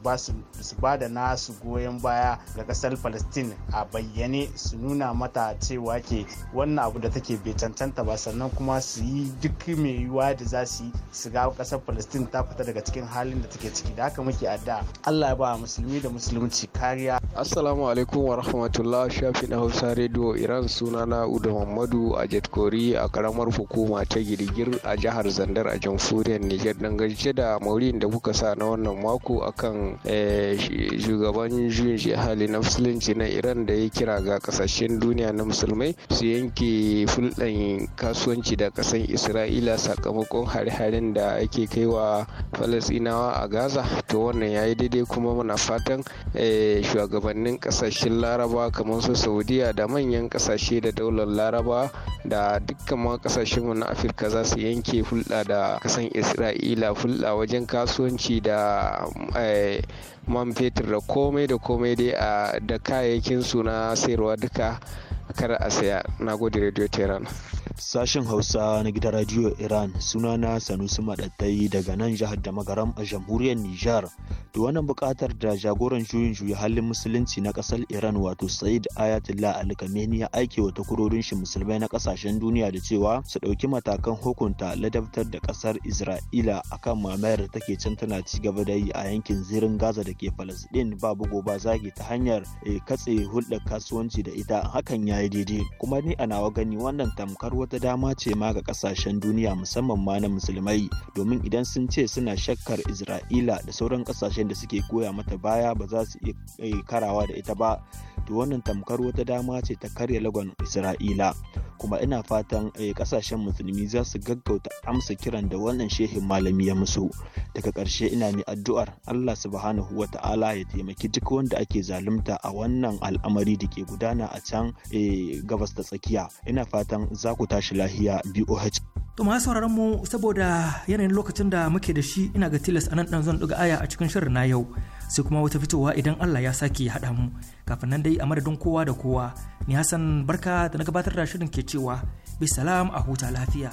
ba da nasu goyon baya ga kasar palestine a bayyane su nuna mata cewa ke wannan abu da take bai cancanta ba sannan kuma su yi duk mai yiwuwa da za su yi su ga ƙasar palestine ta fita daga cikin halin da take ciki da haka muke adda allah ya ba musulmi da musulunci kariya assalamu alaikum wa rahmatullah shafin hausa rediyo iran suna na udu muhammadu a jetkori a karamar hukuma ta girgir a jihar Zandar a jamhuriyar Nijar dangance da maurin da kuka sa na wannan mako akan eh, shugaban juyin jihali na musulunci na Iran da ya kira ga kasashen duniya na musulmai su yanke fulɗan kasuwanci da ƙasan Isra'ila sakamakon hare-haren da ake kai wa Falasinawa a Gaza to wannan ya yi daidai kuma muna fatan eh, shugabannin kasashen Laraba kamar su Saudiya da manyan kasashe da daular Laraba da dukkan ma kasashen mu afirka za su yanke hulɗa da kasan isra'ila hulɗa wajen kasuwanci da eh, man fetur da komai da komai dai a da kayayyakin su na sayarwa duka kar a saya na gode radio tehran Sashen Hausa na gidan Radio Iran sunana Sanusi madattai daga nan jihar da magaram a jamhuriyar Nijar. Da wannan buƙatar da jagoran juyin juya halin musulunci na kasar Iran wato Said Ayatollah Ali Khamenei ya aike wa takwarorin shi musulmai na kasashen duniya da cewa su ɗauki matakan hukunta ladabtar da kasar Isra'ila akan mamayar da take can tana ci gaba da yi a yankin zirin Gaza da ke Falasɗin ba bugo ba zagi ta hanyar eh, katse hulɗar kasuwanci da ita hakan ya yi daidai kuma ni ana nawa gani wannan tamkar wata dama ce ma ga kasashen duniya musamman ma na musulmai domin idan sun ce suna shakkar isra'ila da sauran kasashen da suke koya mata baya ba za su iya eh, karawa da ita ba to wannan tamkar wata dama ce ta karya lagon isra'ila kuma ina fatan kasashen eh, musulmi za su gaggauta amsa kiran da wannan shehin malami ya musu daga karshe ina mai addu'ar allah subhanahu wa ta'ala ya taimaki duk wanda ake zalunta a wannan al'amari da ke gudana a can eh, gabas ta tsakiya ina fatan za ku tashi lahiya boh to masu sauraron mu saboda yanayin lokacin da muke da shi ina ga tilas anan dan zan ɗuga aya a cikin shirin na yau sai kuma wata fitowa idan Allah ya sake haɗa mu kafin nan dai a madadin kowa da kowa ni Hassan barka da na gabatar da shirin ke cewa bisalam a huta lafiya.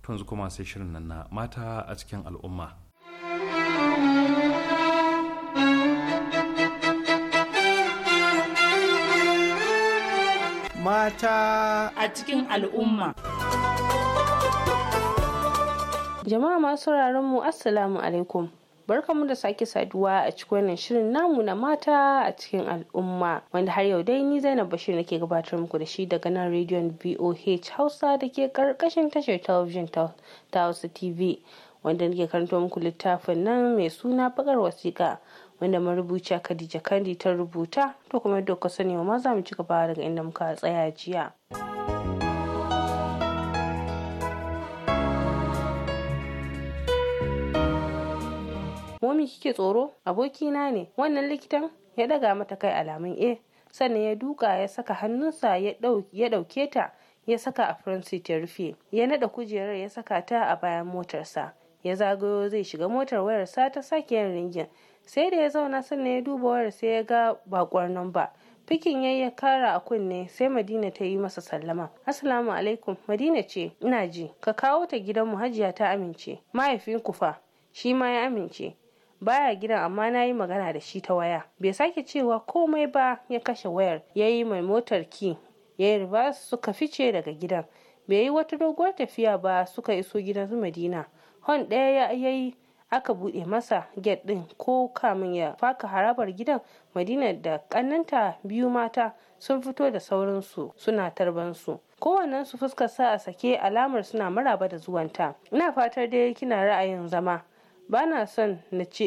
tunzu kuma sai shirin nan na mata a cikin al'umma. Mata a cikin al'umma. Jama'a masu sauraron mu Assalamu alaikum. Barkamu da sake saduwa a cikin wannan shirin namu na mata a cikin al'umma wanda har yau dai ni Zainab Bashir nake gabatar muku da shi daga nan rediyon BOH Hausa da ke karkashin tashar talabijin ta Hausa TV wanda nake karanto muku littafin nan mai suna bakar wasiƙa wanda marubuciya Khadija Kandi ta rubuta to kuma yadda sani ma za mu ci gaba daga inda muka tsaya jiya. kuma kike tsoro abokina ne wannan likitan ya daga mata kai alamun e sannan ya duka ya saka hannunsa ya dauke ta ya saka a francis ya rufe ya nada kujerar ya saka ta a bayan motarsa ya zagayo zai shiga motar wayarsa ta sake yin ringin sai da ya zauna sannan ya duba wayar sai ya ga bakwar ba fikin yayi ya kara a kunne sai madina ta yi masa sallama assalamu alaikum madina ce ina ji ka kawo ta gidan mu hajiya ta amince mahaifinku fa shi ma ya amince baya gidan amma na yi magana da shi ta waya bai sake cewa komai ba ya kashe wayar ya yi mai motar ki ya yi reverse suka fice daga gidan bai yi wata doguwar tafiya ba suka iso gidan su madina hon ɗaya ya yi aka buɗe masa get ɗin ko kamin ya faka harabar gidan madina da ƙannanta biyu mata sun fito da su suna tarbansu su fuskar sa a sake alamar suna maraba da zuwanta ina fatar dai kina ra'ayin zama ba na son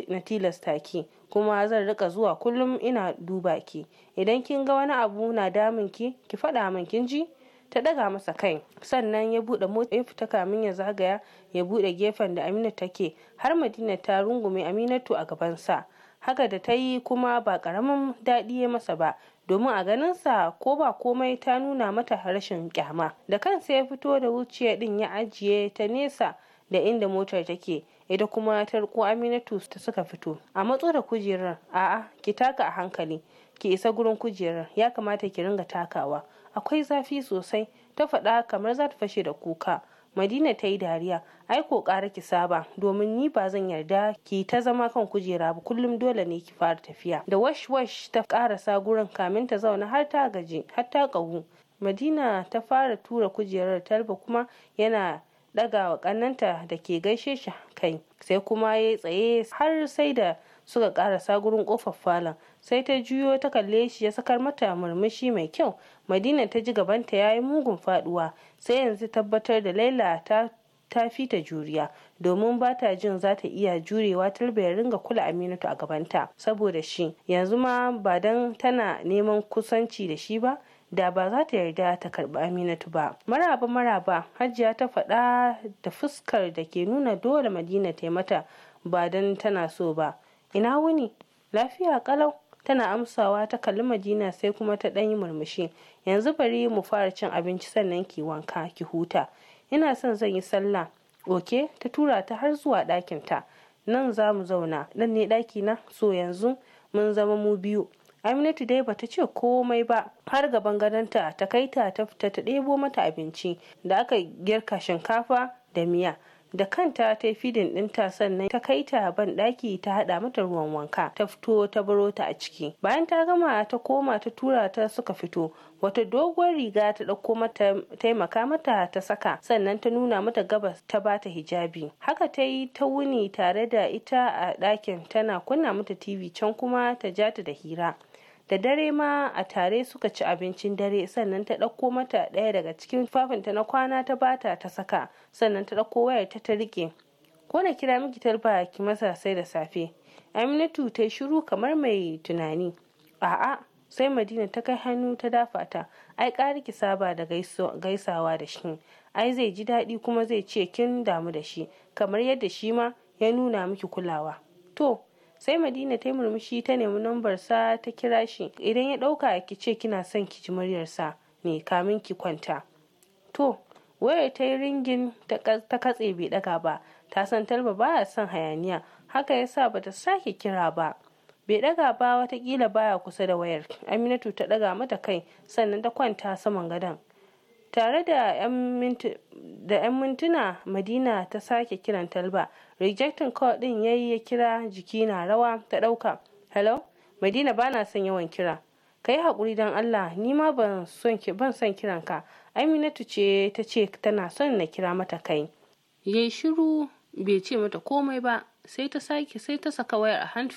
na tilasta ki kuma zan rika zuwa kullum ina duba ki idan kin ga wani abu na damun ki ki faɗa min kin ji ta daga masa kai sannan ya buɗe mota ya fita kamin ya zagaya ya buɗe gefen da amina take har madina ta rungume aminatu a gabansa haka da ta yi kuma ba karamin daɗi ya masa ba domin a ganinsa ko ba komai ta nuna mata rashin kyama da kansa ya fito da wuciya din ya ajiye ta nesa da inda motar take ita kuma ta riko aminatu ta suka fito a matso da kujerar a'a ki taka a hankali ki isa gurin kujerar ya kamata ki ringa takawa akwai zafi sosai ta faɗa kamar za ta fashe da kuka madina ta yi dariya ai ko ƙara ki saba domin ni ba zan yarda ki ta zama kan kujera ba kullum dole ne ki fara tafiya da wash wash ta ƙarasa gurin kamin ta zauna har ta gaji har ta ƙahu madina ta fara tura kujerar talba kuma yana ɗagawa ƙannanta da ke gaishe shi kai sai kuma ya tsaye har sai da suka kara gurin kofar falon sai ta juyo ta kalle shi ya sakar mata murmushi mai kyau madina ta ji gabanta ya yi mugun faduwa sai yanzu tabbatar da laila ta ta fita juriya domin ba ta jin za ta iya jurewa talba ya ringa kula aminatu a gabanta saboda shi yanzu ma ba dan tana neman kusanci da shi ba da ba za ta yarda ta karɓi aminatu ba maraba maraba hajiya ta faɗa da fuskar da ke nuna dole madina ta mata ba don tana so ba ina wuni lafiya kalau tana amsawa ta kalli madina sai kuma ta ɗanyi murmushi yanzu bari mu fara cin abinci sannan ki wanka ki huta ina son zan yi sallah oke ta tura ta har zuwa ɗakinta nan za mu zauna ɗan ne ɗaki na so yanzu mun zama mu biyu aminatu dai bata ce komai ba har gaban gadonta ta kai ta ta fita ta ɗebo mata abinci da aka girka shinkafa da miya da kanta ta yi fidin ɗinta sannan ta kai ta ban ɗaki ta haɗa mata ruwan wanka ta fito ta baro ta a ciki bayan ta gama ta koma ta tura ta suka fito wata doguwar riga ta ɗauko mata taimaka mata ta saka sannan ta nuna mata gabas ta bata hijabi haka ta yi ta wuni tare da ita a ɗakin tana kunna mata tv can kuma ta ja ta da hira da dare ma a tare suka ci abincin dare sannan ta ɗauko mata ɗaya daga cikin fafinta na kwana ta bata ta saka sannan ta ɗauko wayar ta ta rike ko na kira miki talba ki masa sai da safe aminatu ta shiru kamar mai tunani a'a sai madina ta kai hannu ta dafa ta ai ƙari ki saba da gaisawa da shi ai zai ji daɗi kuma zai ce kin damu da shi kamar yadda shi ma ya nuna miki kulawa to sai madina ta yi murmushi ta nemi nambarsa ta kira shi idan ya ɗauka ki ce kina son ki ji muryarsa ne kamin ki kwanta to wayar ta yi ringin ta katse bai ɗaga ba ta san talba baya son hayaniya haka ya sa ba ta sake kira ba bai daga ba watakila baya kusa da wayar aminatu ta daga mata kai sannan ta kwanta saman gadon tare da 'yan mintuna madina ta sake kiran talba rejectin call din yayi ya kira jiki na rawa ta ɗauka. hello madina bana son yawan kira ka yi haƙuri don allah ni ma ban son kiran ka aminatu ce ta ce tana son na kira mata kai yayi shiru bai ce mata komai ba sai ta sake sai ta saka wayar a hand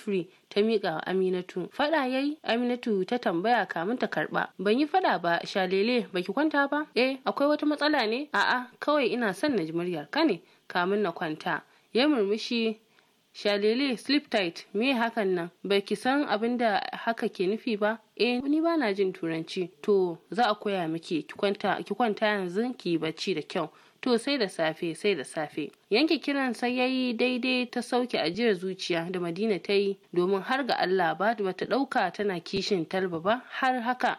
ta miƙa wa Aminatu. Faɗa yayi Aminatu ta tambaya kamin ta karɓa. Ban yi faɗa ba shalele baki kwanta ba? Eh akwai wata matsala ne? A'a kawai ina son na ji muryar ka ne Kamun na kwanta. Ya murmushi shalele sleep tight me hakan nan baki san abin da haka ke nufi ba eh ni ba na jin turanci to za a koya miki ki kwanta ki kwanta yanzu ki bacci da kyau to sai da safe sai da safe yanke kiran sai ya yi daidai ta sauke ajiyar zuciya da madina ta yi domin har ga allah ba ta ɗauka tana kishin talba ba har haka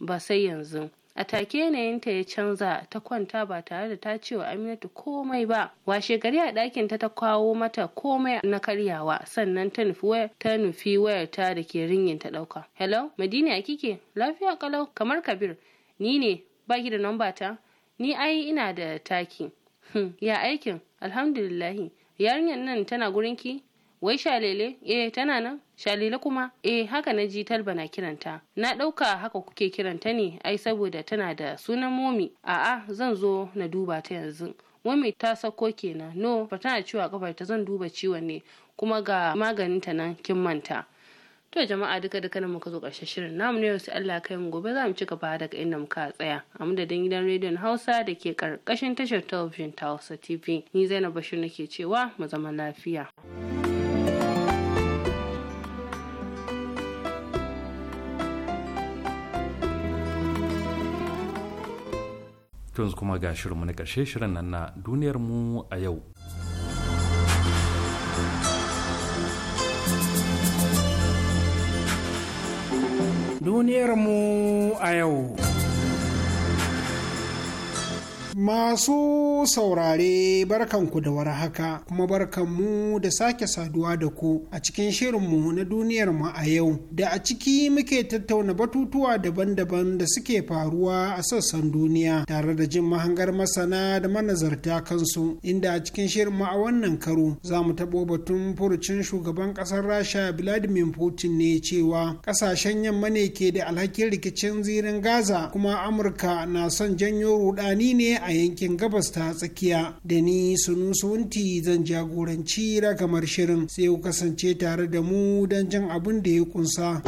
ba sai yanzu a take yanayinta ya canza ta kwanta ba tare da ta cewa aminatu komai ba washe gari a ɗakin ta ta kawo mata komai na karyawa sannan ta nufi waya ta nufi wayar ta da ke ringin ta ɗauka hello madina kike lafiya kalau kamar kabir ni ne baki da namba ta ni ai ina da taki hmm, ya aikin alhamdulillahi yarinyar nan tana gurinki wai shalele eh tana nan shalele kuma eh haka na ji talba na kiranta na ɗauka haka kuke kiranta ne ai saboda tana da sunan momi a'a zan zo na duba ta yanzu momi ta sako kenan no ba tana ciwo a kafar zan duba ciwon ne kuma ga maganinta nan kin manta To jama'a duka duka nan muka zo ƙarshen shirin namu ne sai Allah kai mu gobe za mu ci gaba daga inda muka tsaya. A madadin gidan rediyon Hausa da ke ƙarƙashin tashar talabijin ta Hausa TV. Ni Zainab Bashir nake cewa mu zama lafiya. Tunzu kuma ga shirinmu na ƙarshe shirin nan na duniyarmu a yau. duniyarmu a yau. Masu saurare barkanku da haka. kuma barkanmu da sake saduwa da ku a cikin shirin mu na duniyar mu a yau da a ciki muke tattauna batutuwa daban-daban da suke faruwa a sassan duniya tare da jin mahangar masana da manazarta kansu inda a cikin shirin mu a wannan karo za mu taɓo batun furucin shugaban ƙasar rasha vladimir putin ne cewa ƙasashen yamma ne ke da alhakin rikicin zirin gaza kuma amurka na son janyo rudani ne a yankin gabas ta tsakiya da ni sunusunti zan jagoranci ragamar shirin sai ku kasance tare da mu don jin abin da ya kunsa.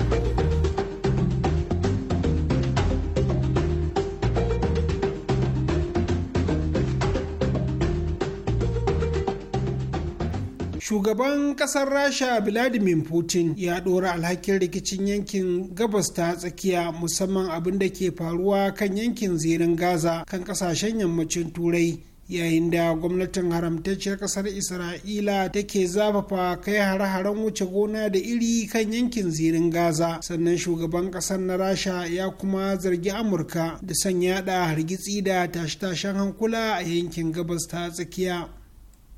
shugaban kasar rasha vladimir putin ya ɗora alhakin rikicin yankin gabas ta tsakiya musamman abin da ke faruwa kan yankin zirin gaza kan kasashen yammacin turai yayin da gwamnatin haramtacciyar kasar isra'ila take zafafa kai hare-haren wuce gona da iri kan yankin zirin gaza sannan shugaban kasar na rasha ya kuma zargi amurka da sanya da hargitsi da tashe-tashen hankula a yankin gabas ta tsakiya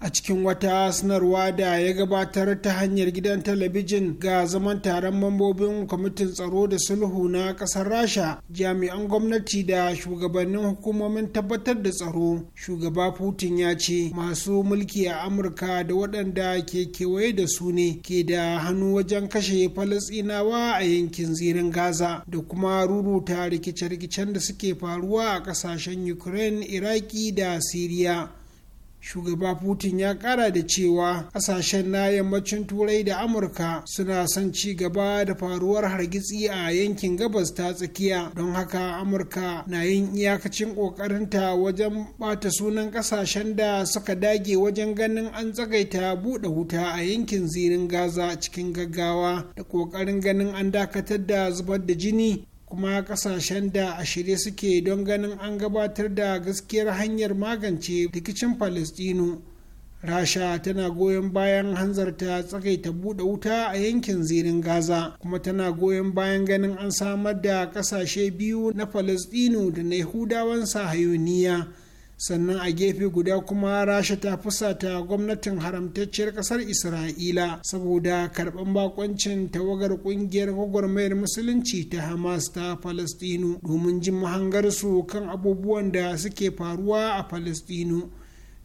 a cikin wata sanarwa da ya gabatar ta hanyar gidan talabijin ga zaman taron mambobin kwamitin tsaro da sulhu na kasar rasha jami'an gwamnati da shugabannin hukumomin tabbatar da tsaro shugaba putin ya ce masu mulki a amurka da waɗanda ke kewaye da su ne ke da hannu wajen kashe falasinawa a yankin zirin gaza da kuma ruruta rikice-rikicen da suke faruwa a ƙasashen ukraine iraki da siriya shugaba putin ya kara da cewa kasashen na yammacin turai da amurka suna son ci gaba da faruwar hargitsi a yankin gabas ta tsakiya don haka amurka na yin iyakacin kokarinta wajen bata sunan kasashen da suka dage wajen ganin an tsagaita buɗe wuta a yankin zirin gaza cikin gaggawa da kokarin ganin an dakatar da zubar da jini kuma kasashen da a shirye suke don ganin an gabatar da gaskiyar hanyar magance rikicin palestino rasha tana goyon bayan hanzarta tsakaita buɗe wuta a yankin zirin gaza kuma tana goyon bayan ganin an samar da kasashe biyu na palestino da na yahudawan sahayoniya sannan a gefe guda kuma rasha ta fusata gwamnatin haramtacciyar kasar isra'ila saboda karɓan bakoncin tawagar ƙungiyar gwagwarmayar musulunci ta hamas ta falastinu domin jin mahangarsu kan abubuwan da suke faruwa a falastinu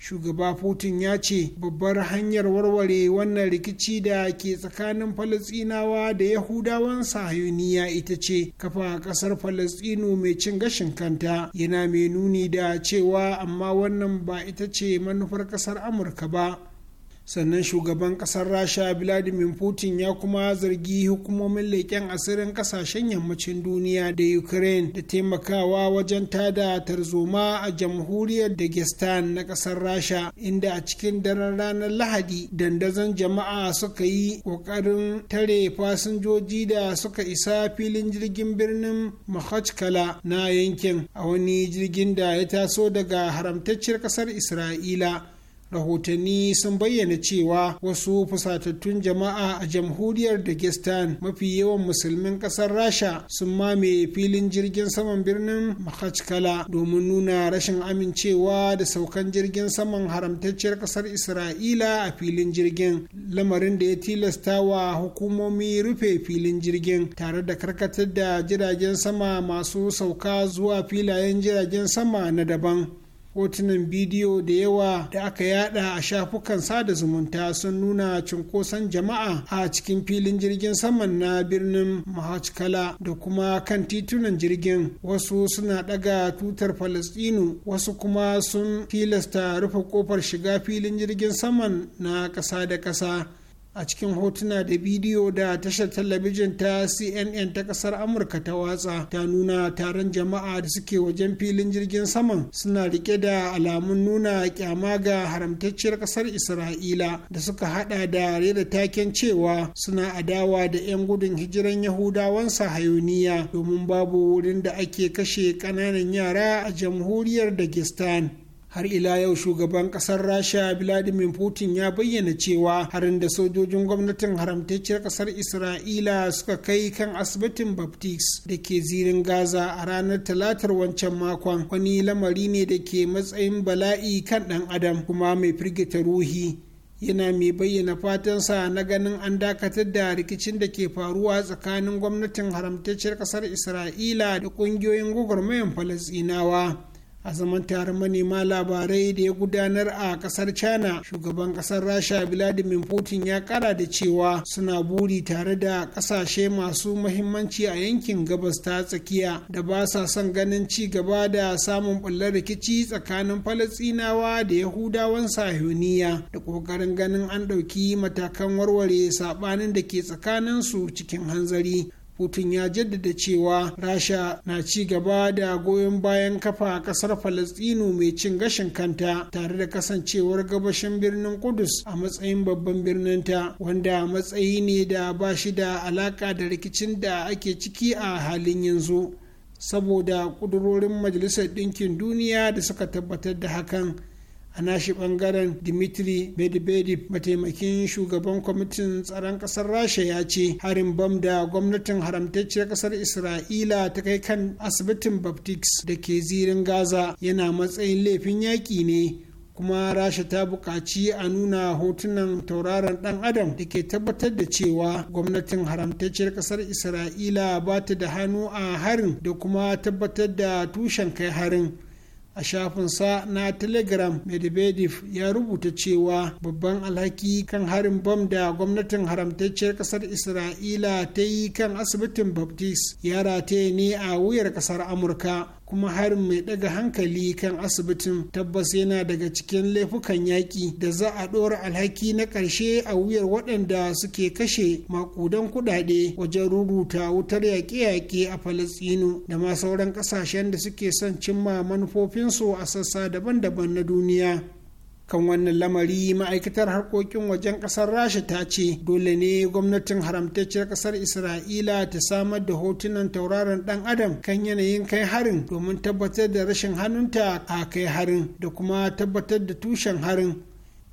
shugaba putin ya ce babbar hanyar warware wannan rikici da ke tsakanin falasinawa da yahudawan sahayuniya ita ce kafa kasar falasinu mai cin gashin kanta yana mai nuni da cewa amma wannan ba ita ce manufar kasar amurka ba sannan shugaban kasar rasha vladimir putin ya kuma zargi hukumomin leƙen asirin kasashen yammacin duniya da ukraine da taimakawa wajen tada tarzoma a jamhuriyar dagestan na kasar rasha inda a cikin daren ranar lahadi dandazon jama'a suka yi ƙoƙarin tare fasinjoji da suka isa filin jirgin birnin mahajkala na yankin a wani jirgin da ya taso daga haramtacciyar kasar isra'ila rahotanni sun bayyana cewa wasu fusatattun jama'a a jamhuriyar dagestan mafi yawan musulmin kasar rasha sun mame filin jirgin saman birnin makhachkala domin nuna rashin amincewa da saukan jirgin saman haramtacciyar kasar isra'ila a filin jirgin lamarin da ya tilasta wa hukumomi rufe filin jirgin tare da karkatar da jiragen sama masu sauka zuwa filayen jiragen sama na daban hotunan bidiyo da yawa da aka yada a shafukan sada zumunta sun nuna cunkoson jama'a a cikin filin jirgin saman na birnin mahachkala da kuma kan titunan jirgin wasu suna daga tutar falastinu wasu kuma sun tilasta rufe kofar shiga filin jirgin saman na kasa da kasa. a cikin hotuna da bidiyo da tashar talabijin ta cnn ta kasar amurka ta watsa ta nuna taron jama'a da suke wajen filin jirgin saman suna rike da alamun nuna kyama ga haramtacciyar kasar isra'ila da suka hada da rera taken cewa suna adawa da 'yan gudun hijiran yahudawan sahayoniya domin babu wurin da ake kashe ƙananan yara a jamhuriyar dagestan har ila yau shugaban kasar rasha vladimir putin ya bayyana cewa harin da sojojin gwamnatin haramtacciyar kasar isra'ila suka kai kan asibitin baptist da ke zirin gaza a ranar talatar wancan makon wani lamari ne da ke matsayin bala'i kan dan adam kuma mai firgita ruhi yana mai bayyana fatansa na ganin an dakatar da rikicin da ke faruwa tsakanin gwamnatin haramtacciyar kasar isra'ila da ƙungiyoyin gwagwarmayan Falasinawa. a zaman taron manema labarai da ya gudanar a kasar china shugaban kasar rasha vladimir putin ya kara da cewa suna buri tare da kasashe masu mahimmanci a yankin gabas ta tsakiya da ba sa son ganin ci gaba da samun bullar rikici tsakanin falastinawa da yahudawan sahuniya da ƙoƙarin ganin an ɗauki matakan warware saɓanin da ke tsakaninsu cikin hanzari putin ya jaddada cewa rasha na ci gaba da goyon bayan kafa a kasar falastinu mai cin gashin kanta tare da kasancewar gabashin birnin kudus a matsayin babban birninta wanda matsayi ne da ba shi da alaƙa da rikicin da ake ciki a halin yanzu saboda ƙudurorin majalisar ɗinkin duniya da suka tabbatar da hakan a nashi bangaren dimitri medvedev mataimakin shugaban kwamitin tsaron kasar rasha ya ce harin bam da gwamnatin haramtacciyar kasar isra'ila ta kai kan asibitin baptist da ke zirin gaza yana matsayin laifin yaƙi ne kuma rasha ta buƙaci a nuna hotunan tauraron dan adam da ke tabbatar da cewa gwamnatin haramtacciyar kasar isra'ila ba ta da hannu a harin da kuma tabbatar da tushen kai harin a shafinsa na telegram medvedev ya rubuta cewa babban alhaki kan harin bom da gwamnatin haramtacciyar kasar isra'ila ta yi kan asibitin baptist ya rataye ne a wuyar kasar amurka kuma harin mai daga hankali kan asibitin tabbas yana daga cikin laifukan yaƙi da za a ɗora alhaki na ƙarshe a wuyar waɗanda suke kashe makudan kuɗaɗe wajen rubuta wutar yaƙe-yaƙe a falastinu da ma sauran ƙasashen da suke son cimma manufofinsu a sassa daban-daban na duniya. kan wannan lamari ma'aikatar harkokin wajen kasar rasha ta ce dole ne gwamnatin haramtacciyar kasar isra'ila ta samar da hotunan tauraron dan adam kan yanayin kai harin domin tabbatar da rashin hannunta a kai harin da kuma tabbatar da tushen harin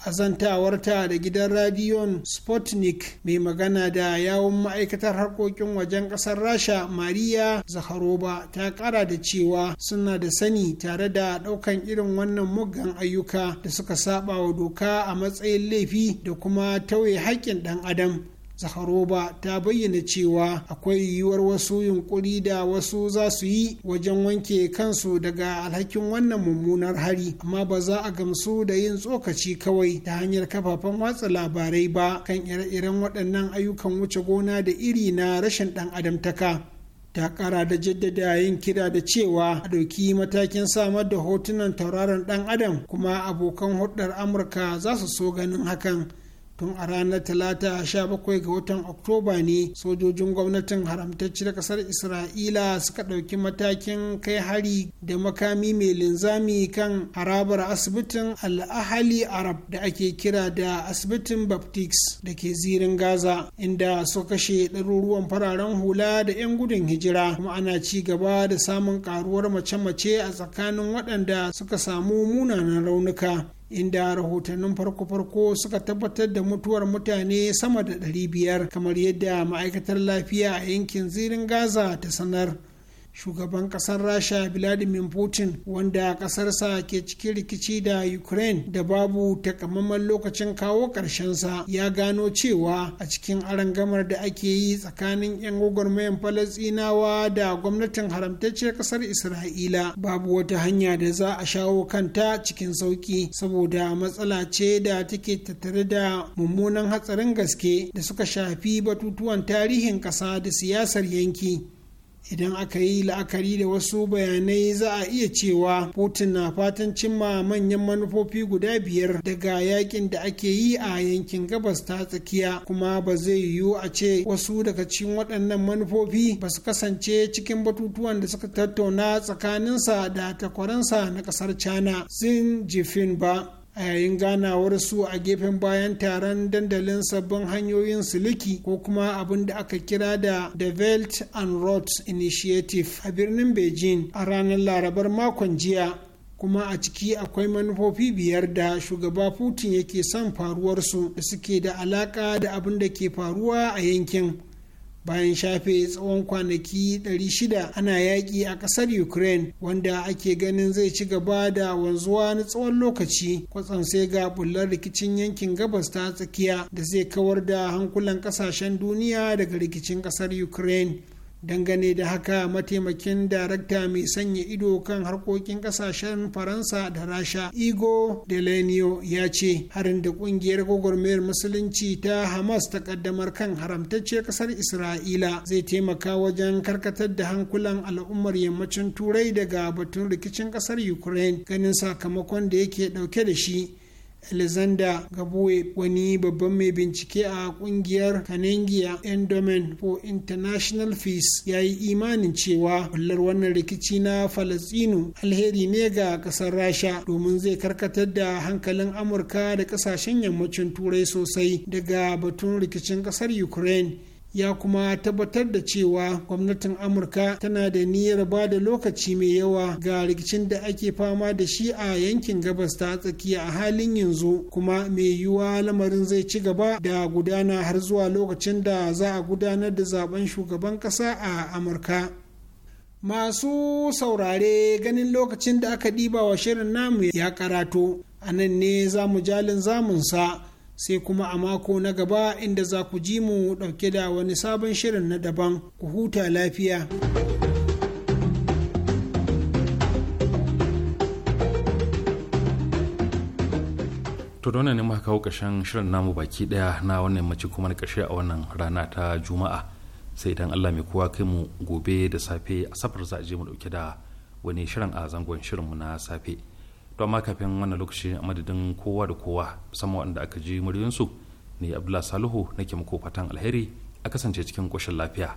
azantawarta da gidan radiyon sputnik mai magana da yawon ma'aikatar harkokin wajen kasar rasha maria zaharova ta kara da cewa suna da sani tare da daukan irin wannan muggan ayyuka da suka saba wa doka a matsayin laifi da kuma tauye haƙƙin ɗan adam zaharoba ta bayyana cewa akwai yiwuwar wasu yunkuri da wasu za su yi wajen wanke kansu daga alhakin wannan mummunar hari amma ba za a gamsu da yin tsokaci kawai ta hanyar kafafen watsa labarai ba kan ire-iren waɗannan ayyukan wuce gona da iri na rashin ɗan adamtaka ta kara da jaddada yin kira da cewa a ɗauki matakin samar da hotunan tauraron ɗan adam kuma abokan hulɗar amurka za su so ganin hakan tun a ranar talata 17 ga watan oktoba ne sojojin gwamnatin haramtacci da kasar isra'ila suka ɗauki matakin kai hari da makami mai linzami kan harabar asibitin al'ahali arab da ake kira da asibitin baptics da ke zirin gaza inda suka kashe ɗaruruwan fararen hula da 'yan gudun hijira kuma ana ci gaba da samun ƙaruwar mace-mace a tsakanin waɗanda suka samu munanan raunuka inda rahotannin farko-farko suka tabbatar da mutuwar mutane sama da 500 kamar yadda ma'aikatar lafiya a yankin zirin gaza ta sanar shugaban kasar rasha vladimir putin wanda kasarsa ke cikin rikici da ukraine da babu takamaiman lokacin kawo sa ya gano cewa a cikin arangamar da ake yi tsakanin 'yan gwagwarmayan falasinawa da gwamnatin haramtacciyar kasar isra'ila babu wata hanya da za a shawo kanta cikin sauki saboda matsala ce da take tattare da mummunan hatsarin gaske da suka shafi batutuwan tarihin ƙasa da siyasar yanki idan aka yi la'akari da wasu bayanai za a iya cewa putin na fatan cimma manyan manufofi guda biyar daga yakin da ake yi a yankin gabas ta tsakiya kuma ba zai yiwu a ce wasu daga cikin waɗannan manufofi ba su kasance cikin batutuwan da suka tattauna tsakaninsa da takwaransa na ƙasar china xin jifin ba a yayin ganawar su a gefen bayan taron dandalin sabbin hanyoyin siliki ko kuma abin da aka kira da the belt and road initiative a birnin beijing a ranar larabar makon jiya kuma a ciki akwai manufofi biyar da shugaba putin yake son faruwarsu da suke da alaka da abin da ke faruwa a yankin bayan shafe tsawon kwanaki 600 ana yaƙi a ƙasar ukraine wanda ake ganin zai ci gaba da wanzuwa na tsawon lokaci kwatsan sai ga bullar rikicin yankin gabas ta tsakiya da zai kawar da hankulan ƙasashen duniya daga rikicin ƙasar ukraine dangane da haka mataimakin darakta mai sanya ido kan harkokin kasashen faransa da rasha igo delenio ya ce harin da kungiyar gwagwarmayar musulunci ta hamas ta kaddamar kan haramtacce kasar isra'ila zai taimaka wajen karkatar da hankulan al'ummar yammacin turai daga batun rikicin kasar ukraine ganin sakamakon da yake dauke da shi alexander gabue wani babban mai bincike a kungiyar kanengiya endowment for international peace ya yi imanin cewa bullar wannan rikici na Falasino alheri ne ga kasar rasha domin zai karkatar da hankalin amurka da kasashen yammacin turai sosai daga batun rikicin kasar ukraine ya kuma tabbatar da cewa gwamnatin amurka tana da niyyar ba da lokaci mai yawa ga rikicin da ake fama da shi a yankin gabas ta tsakiya a halin yanzu kuma mai yiwuwa lamarin zai ci gaba da gudana har zuwa lokacin da za a gudanar da zaben shugaban kasa a amurka masu saurare ganin lokacin da aka ɗiba wa shirin namu ya karato a nan ne zamu jalin zamunsa sai kuma a mako na gaba inda za ku ji mu ɗauke da wani sabon shirin na daban ku huta lafiya. to ne muka kawo ƙarshen shirin namu baki ɗaya na wannan mace kuma na kashe a wannan rana ta juma'a sai idan allah mai kowa kai mu gobe da safe a safar za a je mu ɗauke da wani shirin a zangon shirinmu na safe. to amma kafin wannan lokaci a madadin kowa da kowa sama wanda aka ji muryoyinsu ne abdullahi salihu nake muku fatan alheri a kasance cikin koshin lafiya